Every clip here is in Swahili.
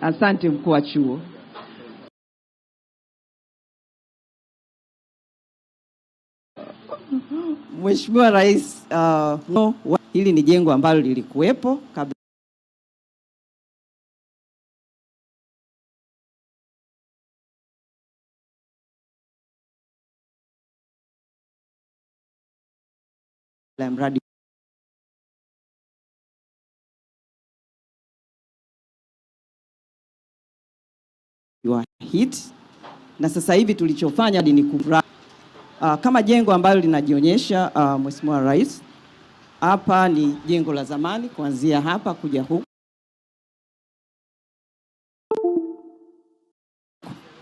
Asante mkuu wa chuo. Mheshimiwa Rais, uh, hili ni jengo ambalo lilikuwepo kabla la mradi hit na sasa hivi tulichofanya ni kubra uh, ah, kama jengo ambalo linajionyesha uh, Mheshimiwa Rais, hapa ni jengo la zamani kuanzia hapa kuja huku,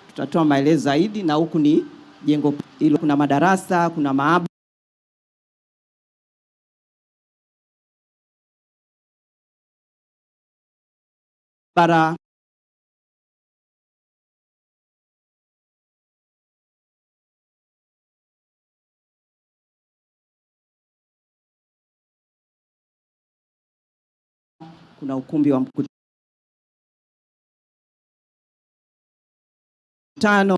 tutatoa maelezo zaidi, na huku ni jengo hilo, kuna madarasa, kuna maabara bara kuna ukumbi wa mkutano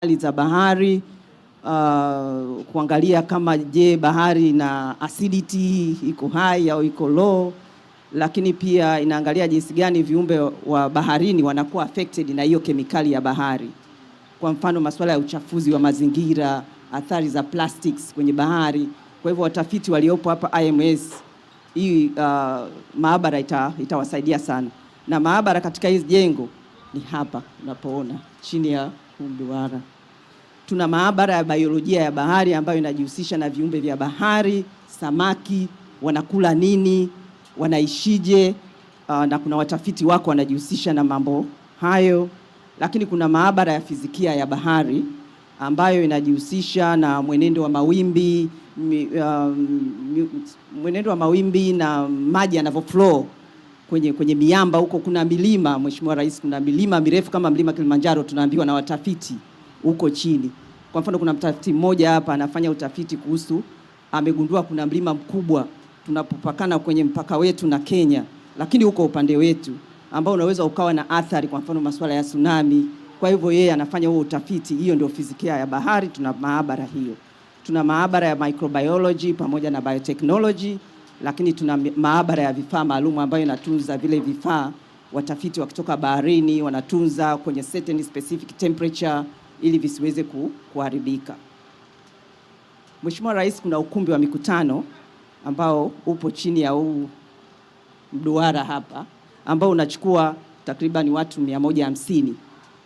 hali za bahari uh, kuangalia kama je, bahari na acidity iko hai au iko low, lakini pia inaangalia jinsi gani viumbe wa baharini wanakuwa affected na hiyo kemikali ya bahari. Kwa mfano masuala ya uchafuzi wa mazingira, athari za plastics kwenye bahari. Kwa hivyo watafiti waliopo hapa IMS hii uh, maabara ita, itawasaidia sana, na maabara katika hii jengo ni hapa unapoona chini ya duara Tuna maabara ya biolojia ya bahari ambayo inajihusisha na viumbe vya bahari, samaki wanakula nini, wanaishije, uh, na kuna watafiti wako wanajihusisha na mambo hayo. Lakini kuna maabara ya fizikia ya bahari ambayo inajihusisha na mwenendo wa mawimbi, um, mwenendo wa mawimbi na maji yanavyo flow kwenye, kwenye miamba huko kuna milima, Mheshimiwa Rais, kuna milima mirefu kama mlima Kilimanjaro, tunaambiwa na watafiti huko chini. Kwa mfano, kuna mtafiti mmoja hapa anafanya utafiti kuhusu, amegundua kuna mlima mkubwa tunapopakana kwenye mpaka wetu na Kenya, lakini huko upande wetu ambao unaweza ukawa na athari, kwa mfano masuala ya tsunami. Kwa hivyo yeye anafanya huo utafiti. Hiyo ndio fizikia ya bahari. Tuna maabara hiyo, tuna maabara ya microbiology pamoja na biotechnology lakini tuna maabara ya vifaa maalum ambayo inatunza vile vifaa. Watafiti wakitoka baharini wanatunza kwenye certain specific temperature ili visiweze kuharibika. Mheshimiwa Rais, kuna ukumbi wa mikutano ambao upo chini ya huu mduara hapa ambao unachukua takriban watu 150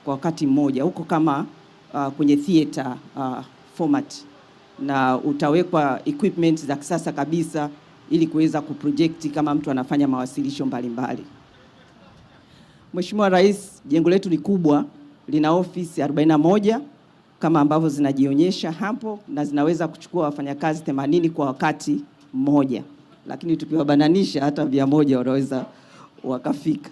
kwa wakati mmoja huko kama uh, kwenye theater uh, format na utawekwa equipment za kisasa kabisa ili kuweza kuprojekti kama mtu anafanya mawasilisho mbalimbali. Mheshimiwa Rais, jengo letu ni kubwa, lina ofisi 41 kama ambavyo zinajionyesha hapo na zinaweza kuchukua wafanyakazi 80 kwa wakati mmoja, lakini tukiwabananisha hata mia moja wanaweza wakafika.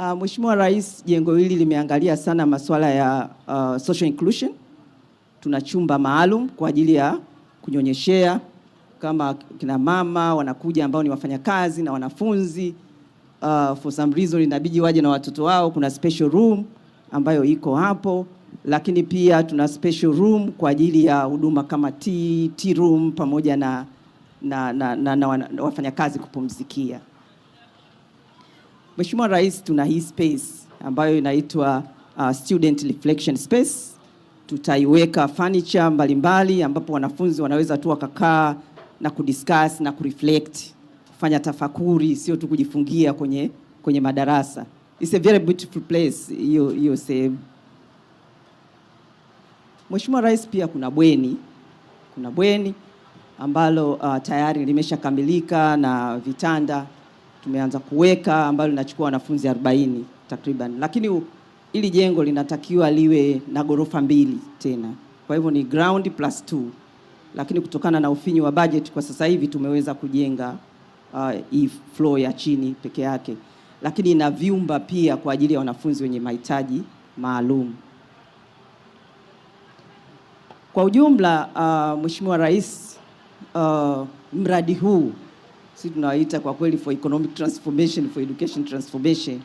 Uh, Mheshimiwa Rais, jengo hili limeangalia sana masuala ya uh, social inclusion. Tuna chumba maalum kwa ajili ya kunyonyeshea kama kina mama wanakuja ambao ni wafanyakazi na wanafunzi uh, for some reason inabidi waje na watoto wao. Kuna special room ambayo iko hapo, lakini pia tuna special room kwa ajili ya huduma kama tea, tea room pamoja na, na, na, na, na, na wafanyakazi kupumzikia. Mheshimiwa Rais, tuna hii space ambayo inaitwa uh, student reflection space. Tutaiweka furniture mbalimbali ambapo wanafunzi wanaweza tu wakakaa na kudiscuss na kureflect, kufanya tafakuri, sio tu kujifungia kwenye kwenye madarasa. It's a very beautiful place hiyo hiyo sehemu. Mheshimiwa Rais, pia kuna bweni, kuna bweni ambalo uh, tayari limeshakamilika na vitanda tumeanza kuweka ambalo linachukua wanafunzi 40 takriban, lakini ili jengo linatakiwa liwe na ghorofa mbili tena, kwa hivyo ni ground plus two lakini kutokana na ufinyu wa budget kwa sasa hivi tumeweza kujenga uh, hii floor ya chini peke yake, lakini ina vyumba pia kwa ajili ya wanafunzi wenye mahitaji maalum. Kwa ujumla, uh, Mheshimiwa Rais, uh, mradi huu sisi tunawaita kwa kweli for economic transformation, for education transformation.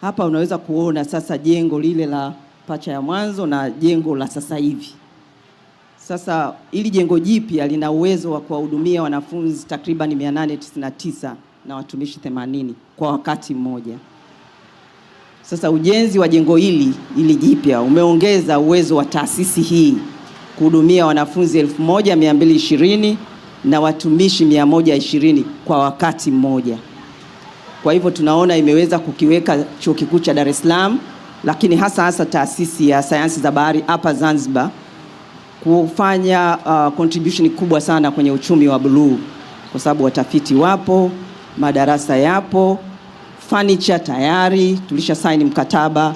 Hapa unaweza kuona sasa jengo lile la pacha ya mwanzo na jengo la sasa hivi. Sasa ili jengo jipya lina uwezo wa kuwahudumia wanafunzi takriban 899 na watumishi 80 kwa wakati mmoja. Sasa ujenzi wa jengo hili ili jipya umeongeza uwezo wa taasisi hii kuhudumia wanafunzi 1220 na watumishi 120 kwa wakati mmoja. Kwa hivyo tunaona imeweza kukiweka Chuo Kikuu cha Dar es Salaam, lakini hasa hasa taasisi ya sayansi za bahari hapa Zanzibar kufanya uh, contribution kubwa sana kwenye uchumi wa bluu, kwa sababu watafiti wapo, madarasa yapo, furniture tayari tulisha saini mkataba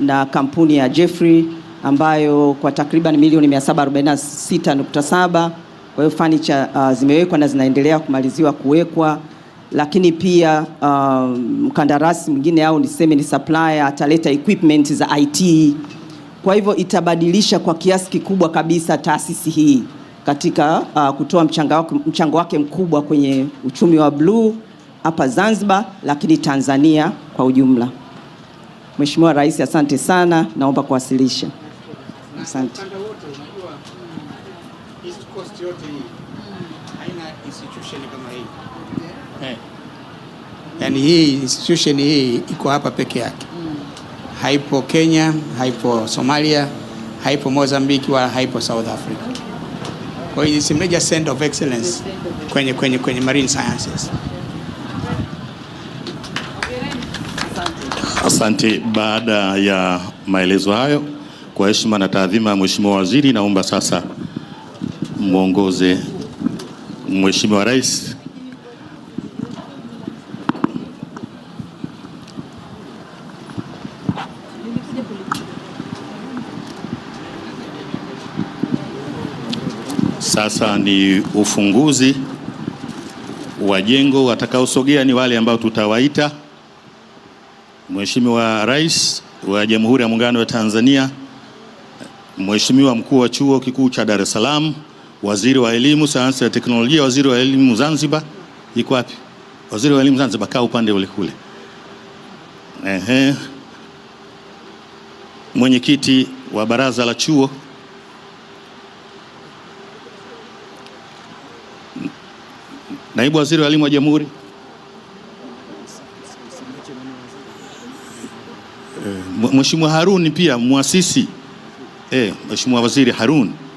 na kampuni ya Jeffrey ambayo kwa takriban milioni 746.7. Kwa hiyo furniture uh, zimewekwa na zinaendelea kumaliziwa kuwekwa, lakini pia um, mkandarasi um, mwingine au niseme ni supplier ataleta equipment za IT kwa hivyo itabadilisha kwa kiasi kikubwa kabisa taasisi hii katika uh, kutoa mchango wake mkubwa kwenye uchumi wa bluu hapa Zanzibar, lakini Tanzania kwa ujumla. Mheshimiwa Rais, asante sana, naomba kuwasilisha. Asante. Yaani hii institution hii iko hapa peke yake haipo Kenya, haipo Somalia, haipo Mozambique wala haipo South Africa. Kwa hiyo it's a major center of excellence kwenye, kwenye, kwenye marine sciences. Asante. Baada ya maelezo hayo, kwa heshima na taadhima ya Mheshimiwa Waziri, naomba sasa mwongoze Mheshimiwa Rais sasa ni ufunguzi wa jengo. Watakaosogea ni wale ambao tutawaita. Mheshimiwa Rais wa Jamhuri ya Muungano wa Tanzania, Mheshimiwa Mkuu wa Chuo Kikuu cha Dar es Salaam, Waziri wa Elimu, Sayansi na Teknolojia, Waziri wa Elimu Zanzibar. Iko wapi Waziri wa Elimu Zanzibar? Kaa upande ule kule. Ehe, mwenyekiti wa baraza la chuo Naibu Waziri wa Elimu wa Jamhuri eh, Mheshimiwa Harun pia mwasisi eh, Mheshimiwa Waziri Harun